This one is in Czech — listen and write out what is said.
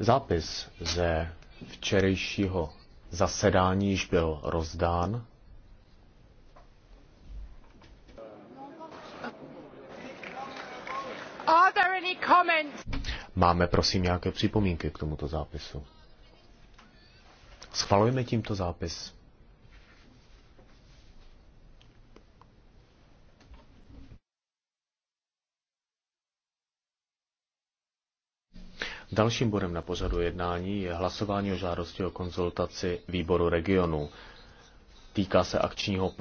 Zápis ze včerejšího zasedání již byl rozdán. Máme prosím nějaké připomínky k tomuto zápisu. Schvalujeme tímto zápis. Dalším bodem na pořadu jednání je hlasování o žádosti o konzultaci výboru regionu. Týká se akčního